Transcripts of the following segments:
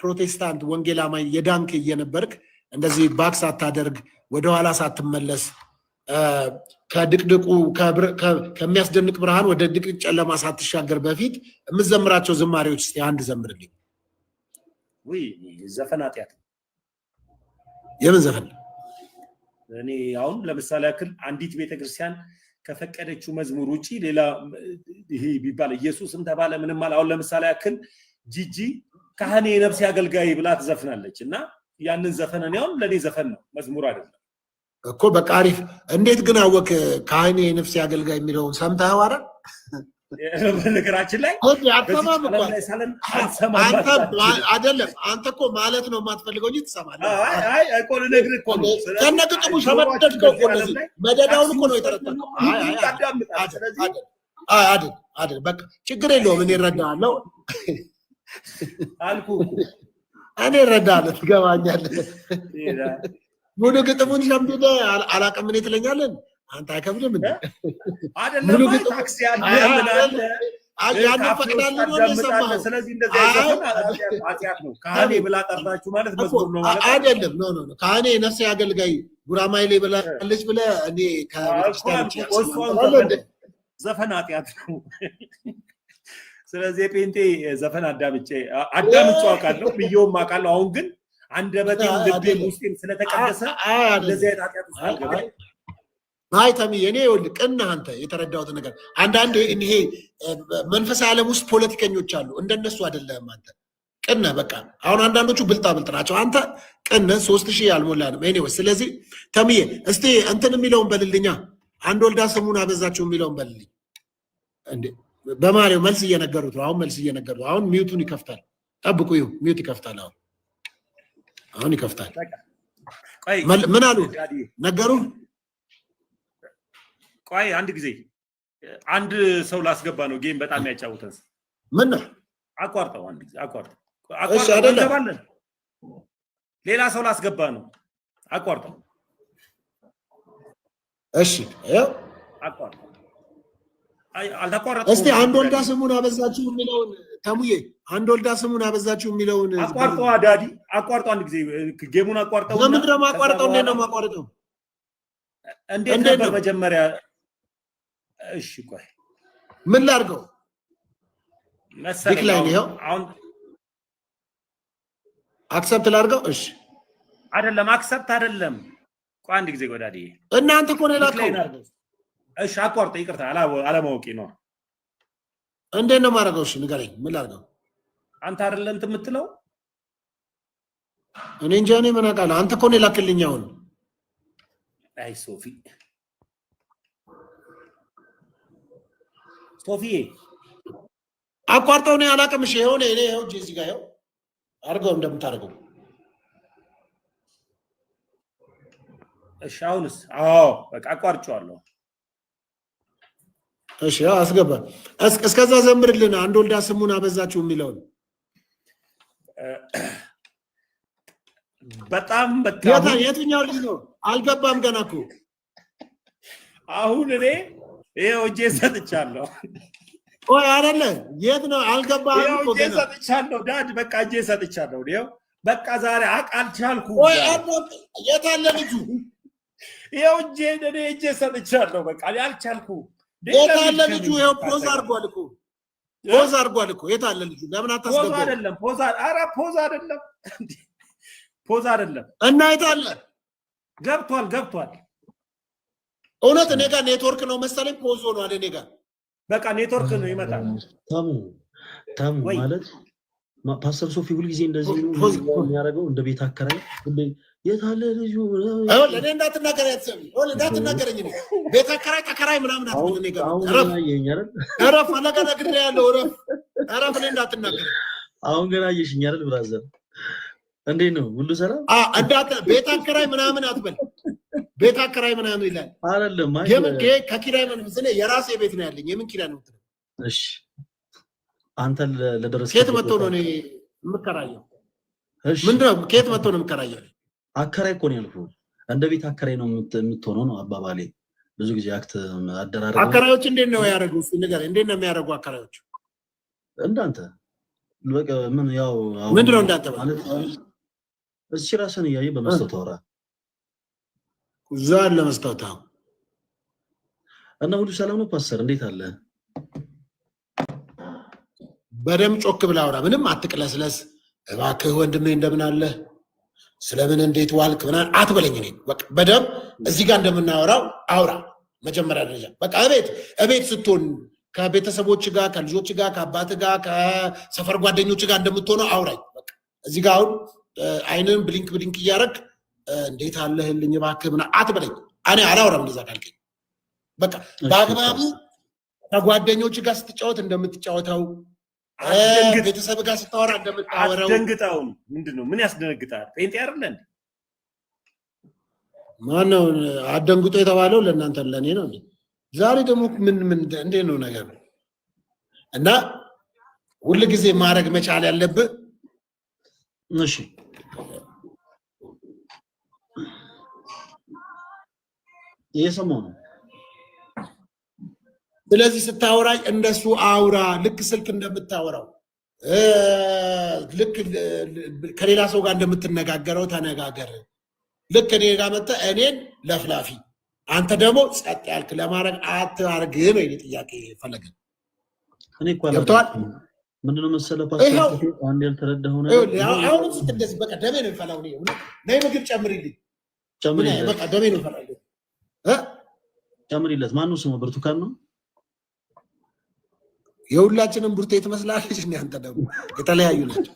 ፕሮቴስታንት ወንጌል የዳንክ እየነበርክ እንደዚህ ባክ ሳታደርግ ወደኋላ ሳትመለስ ከድቅድቁ ከሚያስደንቅ ብርሃን ወደ ድቅድቅ ጨለማ ሳትሻገር በፊት የምዘምራቸው ዝማሬዎች እስኪ አንድ ዘምርልኝ። ዘፈን አጥያት የምን ዘፈን? እኔ አሁን ለምሳሌ ያክል አንዲት ቤተክርስቲያን ከፈቀደችው መዝሙር ውጪ ሌላ ይሄ ቢባል ኢየሱስም ተባለ ምንም አለ። አሁን ለምሳሌ ያክል ጂጂ ካህኔ የነፍሴ አገልጋይ ብላ ትዘፍናለች እና ያንን ዘፈን እኔ አሁን ለእኔ ዘፈን ነው፣ መዝሙር አይደለም እኮ። በቃ አሪፍ። እንዴት ግን አወቅ? ካህኔ የነፍሴ አገልጋይ የሚለውን ሰምተኸው አይደል? በንግራችን ላይ አይደለም። አንተ እኮ ማለት ነው የማትፈልገው እንጂ ትሰማለህ። ሸመደድከው እኮ መደዳውን እኮ ነው አይደል? በቃ ችግር የለውም እኔ እረዳሃለሁ። አልኩ እኔ እረዳለሁ። ትገባኛለህ። ሙሉ ግጥሙን ሸምድደ አላቅም እኔ ትለኛለን። አንተ አይከብድም ሙሉ ግጥሙን አይደለም ኖ ኖ ካህኔ ነፍሴ አገልጋይ ጉራማይሌ ብላለች ብለህ እኔ ዘፈን አጥያት ነው ስለዚህ የጴንቴ ዘፈን አዳምቼ አዳምጬ አውቃለሁ ብዬውም አውቃለሁ። አሁን ግን አንደበቴም ልቤም ውስጤም ስለተቀደሰ እንደዚህ አይነት ኃጢአት ውስጥ እኔ ይኸውልህ ቅና አንተ የተረዳሁት ነገር አንዳንዴ ይሄ መንፈሳዊ ዓለም ውስጥ ፖለቲከኞች አሉ። እንደነሱ አይደለህም አንተ ቅነ በቃ አሁን አንዳንዶቹ ብልጣ ብልጥ ናቸው። አንተ ቅነ ሶስት ሺህ አልሞላንም። ኤኒዌይስ ስለዚህ ተምዬ እስቲ እንትን የሚለውን በልልኛ አንድ ወልዳ ስሙን አበዛችሁ የሚለውን በልልኝ እንዴ በማሪው መልስ እየነገሩት ነው። አሁን መልስ እየነገሩት አሁን ሚዩቱን ይከፍታል። ጠብቁ፣ ይሁ ሚዩት ይከፍታል። አሁን አሁን ይከፍታል። ምን አሉ ነገሩ? ቆይ አንድ ጊዜ አንድ ሰው ላስገባ ነው። ጌም በጣም ያጫውተን። ምን ነው አቋርጠው፣ አንድ ጊዜ አቋርጠው፣ አቋርጠው። ሌላ ሰው ላስገባ ነው። አቋርጠው። እሺ፣ አቋርጠው እስቲ አንድ ወልዳ ስሙን አበዛችሁ የሚለውን ተሙዬ አንድ ወልዳ ስሙን አበዛችሁ የሚለውን አቋርጠው፣ አዳዲ አቋርጠው፣ አንድ ጊዜ ጌሙን አቋርጠው። ለምንድን ነው የማቋርጠው? እንዴት ነው የማቋርጠው? እንዴት ነበር መጀመሪያ? እሺ ቆይ ምን ላድርገው መሰለኝ። ይኸው አሁን አክሰፕት ላድርገው። እሺ አይደለም፣ አክሰፕት አይደለም። ቆይ አንድ ጊዜ ጎዳዲ እናንተ እኮ ነው የላከው እሺ አቋርጠ ይቅርታ፣ አለማወቂ ነው። እንዴት ነው ማድረገው? እሺ ንገረኝ፣ ምን ላድርገው? አንተ አይደለ እንትን የምትለው እኔ እንጂ እኔ ምን አውቃለሁ። አንተ እኮ ነው ላክልኝ። አሁን አይ ሶፊ ሶፊዬ አቋርጠው ነው አላውቅም። እሺ ይኸው እኔ ይኸው እጄ እዚህ ጋር ይኸው አድርገው እንደምታደርገው። እሺ አሁንስ? አዎ በቃ አቋርጬዋለሁ። እሺ አስገባ። እስከዛ ዘምርልን። አንድ ወልዳ ስሙን አበዛችሁ የሚለውን በጣም በጣም የትኛው ልጅ ነው? አልገባም ገና እኮ አሁን እኔ ይሄ ወጄ ሰጥቻለሁ። ቆይ አይደለ የት ነው? አልገባም እኮ እጄ ሰጥቻለሁ። ዳድ በቃ እጄ ሰጥቻለሁ። ይኸው በቃ ዛሬ አቃልቻልኩ። አልቻልኩ። ቆይ የት አለ ልጁ? ይኸው እጄ እኔ እጄ ሰጥቻለሁ። በቃ አልቻልኩ የት አለ ልጁ? ይኸው ፖዝ አድርጓል እኮ ፖዝ አድርጓል እኮ። የት አለ ልጁ? ለምን አታስገባውም? ፖዝ አይደለም፣ ፖዝ ኧረ ፖዝ አይደለም፣ ፖዝ አይደለም። እና የት አለ? ገብቷል፣ ገብቷል። እውነት እኔ ጋር ኔትወርክ ነው መሰለኝ፣ ፖዝ ሆኗል። እኔ ጋር በቃ ኔትወርክ ነው ይመጣል። ታሙ ታሙ ማለት ፓስተር ሶፊ ሁልጊዜ እንደዚህ ነው የሚያደርገው እንደ ቤት አከራይ የታለ ልጁ እኔ እንዳትናገረኝ እንዳትናገረኝ ቤት አከራይ ተከራይ ምናምን ረፍ ነግሬ ያለው ረፍ ረፍ እኔ አሁን ገና አየሽኝ አይደል ብራዘር እንዴት ነው ሁሉ ሰላም ቤት አከራይ ምናምን አትበል ቤት አከራይ ምናምን ይላል አይደለም የምን ከኪራይ የራሴ ቤት ነው ያለኝ የምን ኪራይ ነው እሺ አንተ ለደረስ ከየት መጥቶ ነው እኔ የምከራየው ምንድነው ከየት መጥቶ ነው የምከራየው አከራይ እኮ ነው ያልኩህ። እንደ ቤት አከራይ ነው የምትሆነው ነው አባባሌ። ብዙ ጊዜ አክት አደራረ አከራዮች እንዴት ነው ያደረጉ? ነገር እንዴት ነው የሚያደርጉ አከራዮች? እንዳንተ ምን ያው ምንድን ነው እንዳንተ ማለት እሺ፣ ራስን እያየ በመስጠት አውራ ዛን ለመስታወት እና ሁሉ ሰላም ነው ፓስተር፣ እንዴት አለ? በደምብ ጮክ ብላ አውራ፣ ምንም አትቅለስለስ እባክህ ወንድሜ፣ እንደምን አለህ? ስለምን እንዴት ዋልክ ምናምን አትበለኝ። እኔ በደምብ እዚህ ጋር እንደምናወራው አውራ። መጀመሪያ ደረጃ በቃ እቤት እቤት ስትሆን ከቤተሰቦች ጋር ከልጆች ጋር ከአባት ጋር ከሰፈር ጓደኞች ጋር እንደምትሆነው አውራኝ። እዚህ ጋር አሁን አይንን ብሊንክ ብሊንክ እያደረግ እንዴት አለህልኝ እባክህ ምናምን አትበለኝ። እኔ አላውራም እንደዛ ካልከኝ በቃ በአግባቡ ከጓደኞች ጋር ስትጫወት እንደምትጫወተው ቤተሰብ ጋር ስታወራ እንደምታወራው አስደንግጣውን። ምንድን ነው ምን ያስደነግጣል? ጴንጤ አይደለ እንዴ? አደንግጦ የተባለው? ለእናንተ ለእኔ ነው። ዛሬ ደግሞ ምን ምን እንዴ ነው ነገር እና ሁል ጊዜ ማድረግ መቻል ያለብህ እሺ ይህ ሰሞኑን ስለዚህ ስታወራኝ እንደሱ አውራ ልክ ስልክ እንደምታወራው ልክ ከሌላ ሰው ጋር እንደምትነጋገረው ተነጋገር። ልክ እኔ ጋር መጥተህ እኔን ለፍላፊ አንተ ደግሞ ጸጥ ያልክ ለማድረግ አትአርግ ነው የእኔ ጥያቄ። ፈለገ ገብተዋል። ምንድን ነው መሰለህ አንድ ያልተረዳኸው ነገር አሁን እንደዚህ በቃ ደሜ ነው የሚፈላው። ነይ ምግብ ጨምሪልኝ፣ ጨምሪለት፣ ጨምሪለት። ማነው ስሙ? ብርቱካን ነው የሁላችንም ቡርቴ ትመስላለች። እኔ አንተ ደግሞ የተለያዩ ናቸው።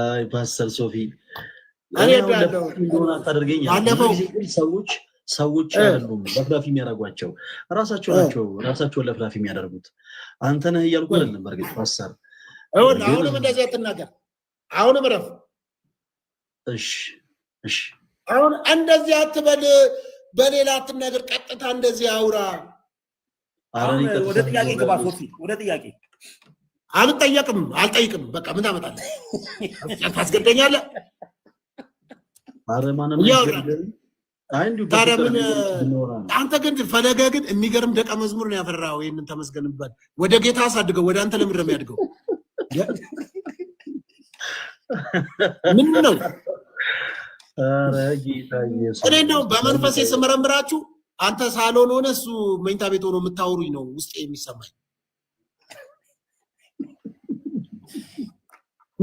አይ ፓስተር ሶፊ ሰዎች ሰዎች አይደሉም ለፍላፊ የሚያደርጓቸው ራሳቸው ናቸው። ራሳቸውን ለፍላፊ የሚያደርጉት አንተ ነህ እያልኩ አይደለም። በእርግጥ ፓስተር እውን አሁንም እንደዚህ አትናገር። አሁንም ረፍ። እሺ እሺ፣ አሁን እንደዚህ አትበል፣ በሌላ አትናገር፣ ቀጥታ እንደዚህ አውራ። ወደ ጥያቄ ግባ ሶፊ፣ ወደ ጥያቄ አልጠየቅም፣ አልጠይቅም። በቃ ምን ታመጣለህ? ታስገደኛለህ። ታዲያ ምን አንተ ግን ፈለገ ግን የሚገርም ደቀ መዝሙር ነው ያፈራው። ይህንን ተመስገንበት። ወደ ጌታ አሳድገው። ወደ አንተ ለምድረም ያድገው ምን ነው እኔ ነው ስመረምራችሁ አንተ ሳሎን ሆነ እሱ መኝታ ቤት ሆኖ የምታወሩኝ ነው ውስጤ የሚሰማኝ።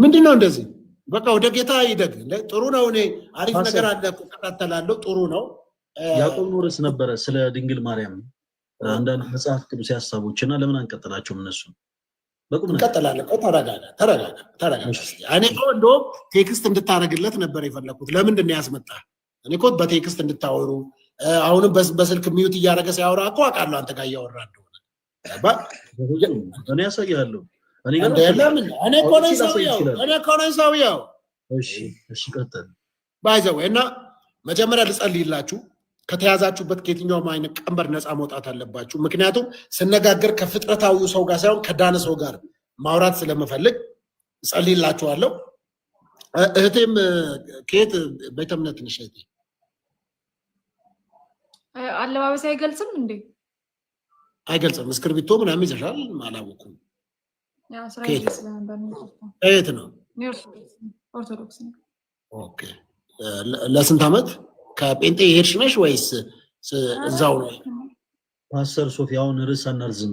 ምንድን ነው እንደዚህ? በቃ ወደ ጌታ ይደግ። ጥሩ ነው። እኔ አሪፍ ነገር አለ እከታተላለሁ። ጥሩ ነው። ያዕቆብ ኖረስ ነበረ ስለ ድንግል ማርያም አንዳንድ መጽሐፍ ቅዱስ ሀሳቦች እና ለምን አንቀጥላቸውም እነሱን ተረጋጋ ተረጋጋ ተረጋጋ። እኔ እንደውም ቴክስት እንድታደርግለት ነበር የፈለኩት። ለምንድን ነው ያስመጣህ? እኔ እኮ በቴክስት እንድታወሩ አሁንም በስልክ ሚዩት እያደረገ ሲያወራ እኮ አውቃለሁ አንተ ጋር እያወራ እንደሆነ። እኔ ያሳያለሁ። እኔ እኮ ነኝ እሺ፣ እሺ፣ ቀጥል። ባይዘው እና መጀመሪያ ልጸልይላችሁ ከተያዛችሁበት ከየትኛውም አይነት ቀንበር ነፃ መውጣት አለባችሁ። ምክንያቱም ስነጋገር ከፍጥረታዊ ሰው ጋር ሳይሆን ከዳነ ሰው ጋር ማውራት ስለምፈልግ ጸልይላችኋለሁ። እህቴም ከየት ቤተ እምነት ነሽ? እህቴ አለባበስ አይገልጽም እንዴ? አይገልጽም። እስክርቢቶ ምናምን ይዘሻል? አላወኩም። ከየት ነው? ኦርቶዶክስ። ለስንት አመት? ከጴንጤ የሄድሽ ነሽ ወይስ እዛው ነው? ፓስተር ሶፊያውን ርዕስ አናርዝም።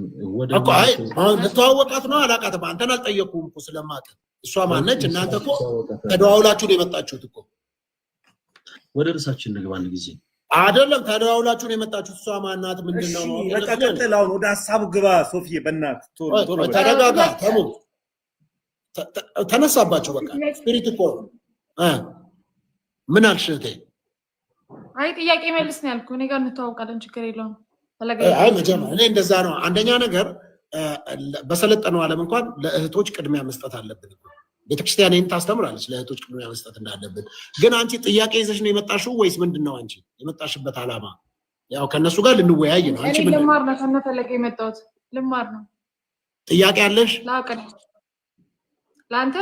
ልተዋወቃት ነው አላቃትም። አንተን አልጠየኩም እኮ ስለማት እሷ ማነች? እናንተ እኮ ተደዋውላችሁ ነው የመጣችሁት እኮ። ወደ ርዕሳችን ንግባ። አንድ ጊዜ አይደለም ተደዋውላችሁ ነው የመጣችሁት። እሷ ማናት? ምንድን ወደ ሀሳቡ ግባ ሶፊ። በእናትህ ተረጋጋ። ተሙ ተነሳባቸው። በቃ ስፒሪት እኮ ምን አልሽ እህቴ? አይ ጥያቄ መልስ ነው ያልኩ። እኔ ጋር እንተዋወቃለን፣ ችግር የለውም። አይ መጀመር እኔ እንደዛ ነው። አንደኛ ነገር በሰለጠነው ዓለም እንኳን ለእህቶች ቅድሚያ መስጠት አለብን። ቤተክርስቲያን ይህን ታስተምራለች፣ ለእህቶች ቅድሚያ መስጠት እንዳለብን። ግን አንቺ ጥያቄ ይዘሽ ነው የመጣሽው ወይስ ምንድን ነው አንቺ የመጣሽበት አላማ? ያው ከእነሱ ጋር ልንወያይ ነው። አንቺ ልማር ነው ፈለገ የመጣሁት ልማር ነው። ጥያቄ አለሽ ለአንተ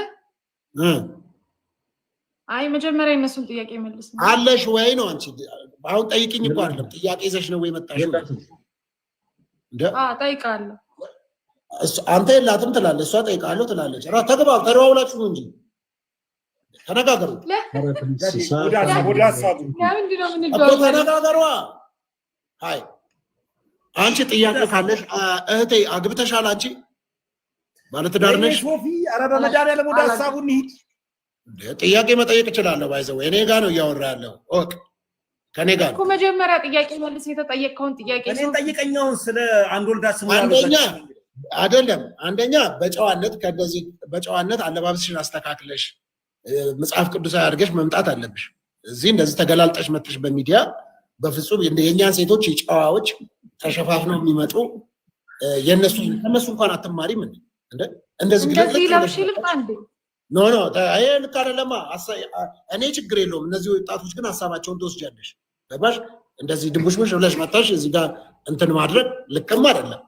አይ መጀመሪያ የነሱን ጥያቄ መልስ አለሽ ወይ ነው። አንቺ አሁን ጠይቅኝ እኮ አይደለም ጥያቄ ይዘሽ ነው ወይ መጣሽ? ጠይቃለሁ አንተ የላትም ትላለች፣ እሷ ጠይቃለሁ ትላለች። ራ ተግባብ ተደዋውላችሁ ነው እንጂ ተነጋገሩ። ተነጋገሯ አይ አንቺ ጥያቄ ካለሽ እህቴ አግብተሻል? አንቺ ባለትዳር ነሽ? ኧረ በመድኃኒዓለም ወደ ሀሳቡ እንሂድ ጥያቄ መጠየቅ እችላለሁ። ባይዘው እኔ ጋ ነው እያወራ ያለው ኦቅ ከኔ ጋር እኮ መጀመሪያ ጥያቄ መልስ የተጠየቀውን ጥያቄ እኔ ጠይቀኛውን ስለ አንድ ወልዳ ስሙ አንደኛ አይደለም አንደኛ በጨዋነት ከእነዚህ በጨዋነት አለባበስሽን አስተካክለሽ መጽሐፍ ቅዱሳዊ አድርገሽ መምጣት አለብሽ። እዚህ እንደዚህ ተገላልጠሽ መጥተሽ በሚዲያ በፍጹም የእኛን ሴቶች የጨዋዎች ተሸፋፍነው የሚመጡ የእነሱ ከእነሱ እንኳን አትማሪም እንደ እንደዚህ ግለጽ ኖ ኖ ልክ አይደለማ። እኔ ችግር የለውም። እነዚህ ወጣቶች ግን ሀሳባቸውን ትወስጃለሽ። ገባሽ? እንደዚህ ድንቡሽቡሽ ብለሽ መታሽ እዚህ ጋር እንትን ማድረግ ልክም አይደለም።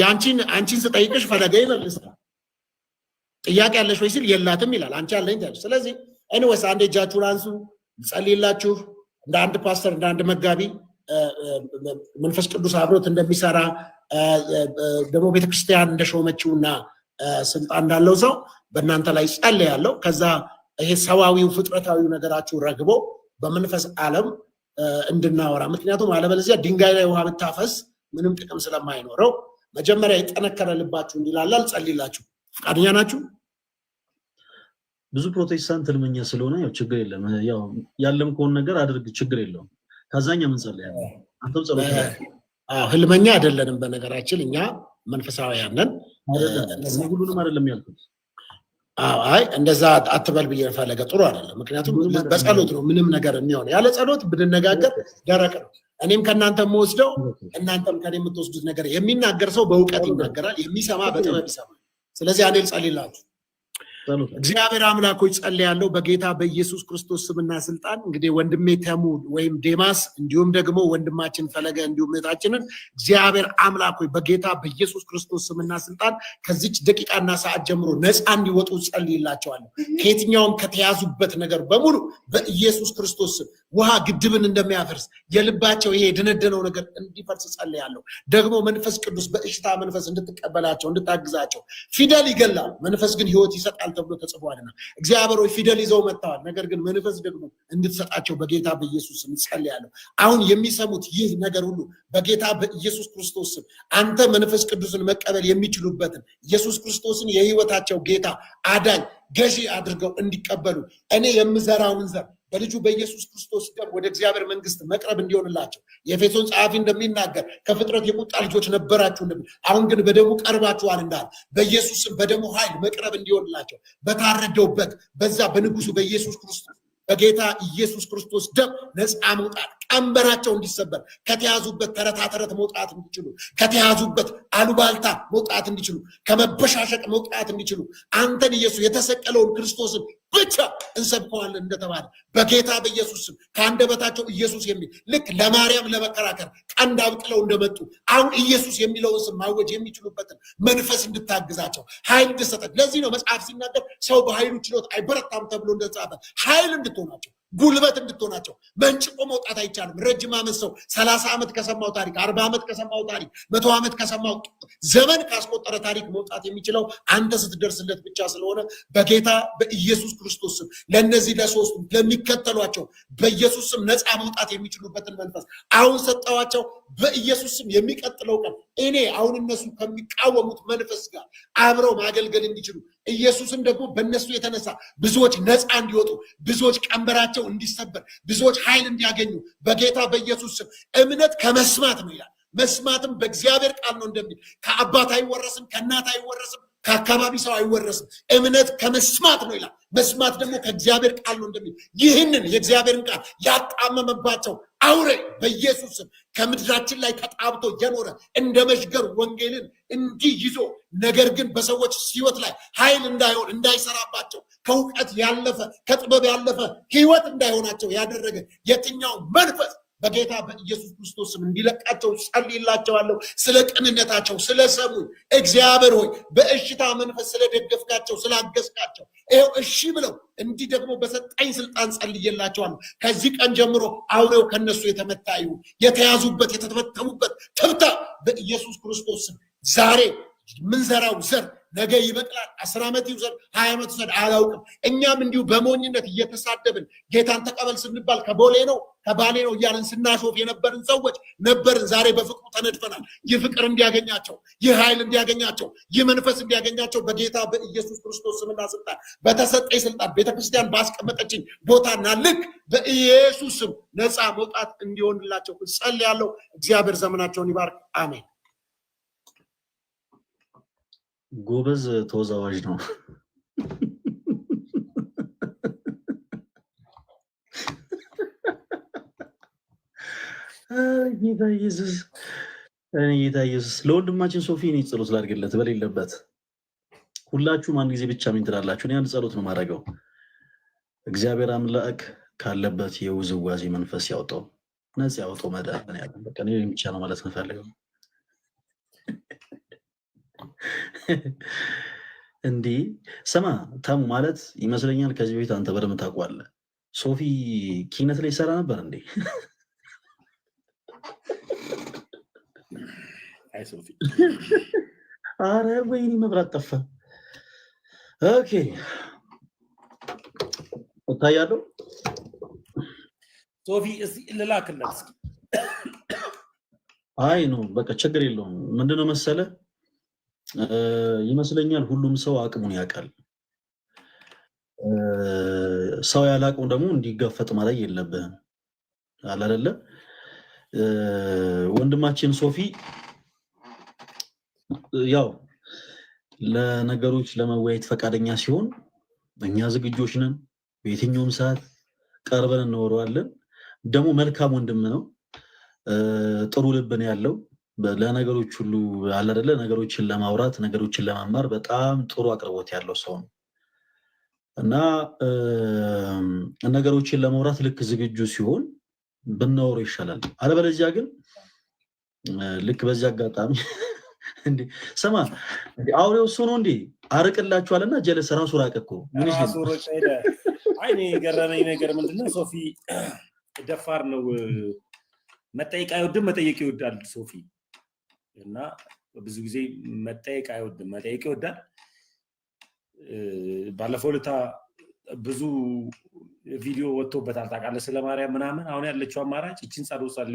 የአንቺን አንቺን ስጠይቅሽ ፈለገ ይመልሳል። ጥያቄ ያለሽ ወይ ሲል የላትም ይላል። አንቺ አለኝ ታለሽ። ስለዚህ ኤኒዌይስ አንድ እጃችሁን አንሱ፣ ጸልላችሁ እንደ አንድ ፓስተር እንደ አንድ መጋቢ መንፈስ ቅዱስ አብሮት እንደሚሰራ ደግሞ ቤተክርስቲያን እንደሾመችውና ስልጣን እንዳለው ሰው በእናንተ ላይ ጸልያለሁ። ከዛ ይሄ ሰዋዊው ፍጥረታዊው ነገራችሁ ረግቦ በመንፈስ ዓለም እንድናወራ ምክንያቱም አለበለዚያ ድንጋይ ላይ ውሃ ብታፈስ ምንም ጥቅም ስለማይኖረው መጀመሪያ የጠነከረ ልባችሁ እንዲላላ ልጸልላችሁ። ፈቃደኛ ናችሁ? ብዙ ፕሮቴስታንት እልመኛ ስለሆነ ያው ችግር የለም ያው ያለም ከሆን ነገር አድርግ ችግር የለውም። ከዛኛ ምን ጸልያለሁ አንተም ጸሎት ህልመኛ አይደለንም። በነገራችን እኛ መንፈሳዊ ነን። ሁሉንም አይደለም ያልኩት አይ እንደዛ አትበል ብዬ የፈለገ ጥሩ አይደለም። ምክንያቱም በጸሎት ነው ምንም ነገር የሚሆነ። ያለ ጸሎት ብንነጋገር ደረቅ ነው። እኔም ከእናንተ የምወስደው እናንተም ከኔ የምትወስዱት ነገር። የሚናገር ሰው በእውቀት ይናገራል፣ የሚሰማ በጥበብ ይሰማል። ስለዚህ እኔ ልጸልይላችሁ እግዚአብሔር አምላኮች ጸልያለሁ በጌታ በኢየሱስ ክርስቶስ ስምና ስልጣን እንግዲህ ወንድሜ ተሙ ወይም ዴማስ እንዲሁም ደግሞ ወንድማችን ፈለገ እንዲሁም እህታችንን እግዚአብሔር አምላኮች በጌታ በኢየሱስ ክርስቶስ ስምና ስልጣን ከዚች ደቂቃና ሰዓት ጀምሮ ነፃ እንዲወጡ ጸልይላቸዋለሁ። ከየትኛውም ከተያዙበት ነገር በሙሉ በኢየሱስ ክርስቶስ ስም ውሃ ግድብን እንደሚያፈርስ የልባቸው ይሄ የደነደነው ነገር እንዲፈርስ ጸልያለሁ። ደግሞ መንፈስ ቅዱስ በእሽታ መንፈስ እንድትቀበላቸው እንድታግዛቸው። ፊደል ይገላል፣ መንፈስ ግን ህይወት ይሰጣል ይሰጣል ተብሎ ተጽፏልና እግዚአብሔር ወይ ፊደል ይዘው መጥተዋል። ነገር ግን መንፈስ ደግሞ እንድትሰጣቸው በጌታ በኢየሱስ ስም አሁን የሚሰሙት ይህ ነገር ሁሉ በጌታ በኢየሱስ ክርስቶስ ስም አንተ መንፈስ ቅዱስን መቀበል የሚችሉበትን ኢየሱስ ክርስቶስን የህይወታቸው ጌታ አዳኝ ገዢ አድርገው እንዲቀበሉ እኔ የምዘራውን ዘር በልጁ በኢየሱስ ክርስቶስ ደም ወደ እግዚአብሔር መንግስት መቅረብ እንዲሆንላቸው የኤፌሶን ጸሐፊ እንደሚናገር ከፍጥረት የቁጣ ልጆች ነበራችሁ፣ አሁን ግን በደሙ ቀርባችኋል እንዳለ በኢየሱስም በደሙ ኃይል መቅረብ እንዲሆንላቸው በታረደውበት በዛ በንጉሱ በኢየሱስ ክርስቶስ በጌታ ኢየሱስ ክርስቶስ ደም ነፃ መውጣት ቀንበራቸው እንዲሰበር ከተያዙበት ተረታተረት መውጣት እንዲችሉ ከተያዙበት አሉባልታ መውጣት እንዲችሉ ከመበሻሸቅ መውጣት እንዲችሉ አንተን ኢየሱስ የተሰቀለውን ክርስቶስን ብቻ እንሰብከዋለን እንደተባለ በጌታ በኢየሱስ ስም ከአንደበታቸው ኢየሱስ የሚል ልክ ለማርያም ለመከራከር ቀንድ አብቅለው እንደመጡ አሁን ኢየሱስ የሚለውን ስም ማወጅ የሚችሉበትን መንፈስ እንድታግዛቸው ኃይል እንድሰጠን። ለዚህ ነው መጽሐፍ ሲናገር ሰው በኃይሉ ችሎት አይበረታም ተብሎ እንደተጻፈ ኃይል እንድትሆናቸው ጉልበት እንድትሆናቸው መንጭቆ መውጣት አይቻልም። ረጅም ዓመት ሰው ሰላሳ ዓመት ከሰማው ታሪክ አርባ ዓመት ከሰማው ታሪክ መቶ ዓመት ከሰማው ዘመን ካስቆጠረ ታሪክ መውጣት የሚችለው አንተ ስትደርስለት ብቻ ስለሆነ በጌታ በኢየሱስ ክርስቶስ ስም ለእነዚህ ለሶስቱ ለሚከተሏቸው በኢየሱስ ስም ነፃ መውጣት የሚችሉበትን መንፈስ አሁን ሰጠዋቸው። በኢየሱስ ስም የሚቀጥለው ቀን እኔ አሁን እነሱ ከሚቃወሙት መንፈስ ጋር አብረው ማገልገል እንዲችሉ ኢየሱስም ደግሞ በእነሱ የተነሳ ብዙዎች ነፃ እንዲወጡ፣ ብዙዎች ቀንበራቸው እንዲሰበር፣ ብዙዎች ኃይል እንዲያገኙ በጌታ በኢየሱስ ስም እምነት ከመስማት ነው ይላል። መስማትም በእግዚአብሔር ቃል ነው እንደሚል ከአባት አይወረስም፣ ከእናት አይወረስም፣ ከአካባቢ ሰው አይወረስም። እምነት ከመስማት ነው ይላል። መስማት ደግሞ ከእግዚአብሔር ቃል ነው እንደሚል ይህንን የእግዚአብሔርን ቃል ያጣመመባቸው አውሬ በኢየሱስም ከምድራችን ላይ ተጣብቶ የኖረ እንደ መሽገር ወንጌልን እንዲህ ይዞ ነገር ግን በሰዎች ሕይወት ላይ ኃይል እንዳይሆን እንዳይሰራባቸው ከእውቀት ያለፈ ከጥበብ ያለፈ ሕይወት እንዳይሆናቸው ያደረገ የትኛው መንፈስ በጌታ በኢየሱስ ክርስቶስም እንዲለቃቸው ጸልይላቸዋለሁ። ስለ ቅንነታቸው ስለሰሙ እግዚአብሔር ሆይ በእሽታ መንፈስ ስለደገፍካቸው ስላገዝካቸው፣ ይኸው እሺ ብለው እንዲህ ደግሞ በሰጣኝ ስልጣን ጸልዬላቸዋለሁ። ከዚህ ቀን ጀምሮ አውሬው ከነሱ የተመታ ይሁን፣ የተያዙበት የተተበተቡበት ትብታ በኢየሱስ ክርስቶስ ስም ዛሬ ምንዘራው ዘር ነገ ይበቅላል። አስር ዓመት ይውሰድ፣ ሀያ ዓመት ይውሰድ አላውቅም። እኛም እንዲሁ በሞኝነት እየተሳደብን ጌታን ተቀበል ስንባል ከቦሌ ነው ከባሌ ነው እያለን ስናሾፍ የነበርን ሰዎች ነበርን። ዛሬ በፍቅሩ ተነድፈናል። ይህ ፍቅር እንዲያገኛቸው፣ ይህ ኃይል እንዲያገኛቸው፣ ይህ መንፈስ እንዲያገኛቸው በጌታ በኢየሱስ ክርስቶስ ስምና ስልጣን በተሰጠኝ ስልጣን ቤተክርስቲያን ባስቀመጠችኝ ቦታና ልክ በኢየሱስ ስም ነፃ መውጣት እንዲሆንላቸው እጸልያለሁ። እግዚአብሔር ዘመናቸውን ይባርክ። አሜን። ጎበዝ ተወዛዋዥ ነው። ጌታ ኢየሱስ እኔ ጌታ ኢየሱስ ለወንድማችን ሶፊ እኔ ጸሎት ላድርግለት በሌለበት። ሁላችሁም አንድ ጊዜ ብቻ ምን ትላላችሁ? እኔ አንድ ጸሎት ነው የማደርገው። እግዚአብሔር አምላክ ካለበት የውዝዋዜ መንፈስ ያውጣው፣ ነጽ ያውጣው። መዳን ያለ በቃ እኔ ብቻ ነው ማለት ነው የምፈልገው። እንዲህ ስማ ተሙ ማለት ይመስለኛል ከዚህ በፊት አንተ በደምብ ታውቀዋለህ። ሶፊ ኪነት ላይ ይሰራ ነበር እንዴ? አረ ወይኔ መብራት ጠፋ። ኦኬ እታያለሁ። ሶፊ እስኪ ልላክለት። አይ ነው በቃ ችግር የለውም። ምንድነው መሰለህ ይመስለኛል ሁሉም ሰው አቅሙን ያውቃል። ሰው ያላቅም ደግሞ እንዲጋፈጥ ማለት የለብህም አላደለም ወንድማችን ሶፊ ያው ለነገሮች ለመወያየት ፈቃደኛ ሲሆን እኛ ዝግጆች ነን። በየትኛውም ሰዓት ቀርበን እንወረዋለን። ደግሞ መልካም ወንድም ነው፣ ጥሩ ልብ ነው ያለው። ለነገሮች ሁሉ አላደለ ነገሮችን ለማውራት ነገሮችን ለመማር በጣም ጥሩ አቅርቦት ያለው ሰው ነው እና ነገሮችን ለማውራት ልክ ዝግጁ ሲሆን ብናወሩ ይሻላል። አለበለዚያ ግን ልክ በዚህ አጋጣሚ ስማ አውሬው እሱ ነው እንዴ አርቅላችኋልና ጀለስ ራሱ ራቅ እኮ የገረመኝ ነገር ምንድነው ሶፊ ደፋር ነው መጠየቅ አይወድም፣ መጠየቅ ይወዳል ሶፊ እና ብዙ ጊዜ መጠየቅ አይወድም፣ መጠየቅ ይወዳል። ባለፈው ልታ ብዙ ቪዲዮ ወጥቶበታል ታውቃለህ፣ ስለማርያም ምናምን። አሁን ያለችው አማራጭ ይችን ጸሎት ጸልዮ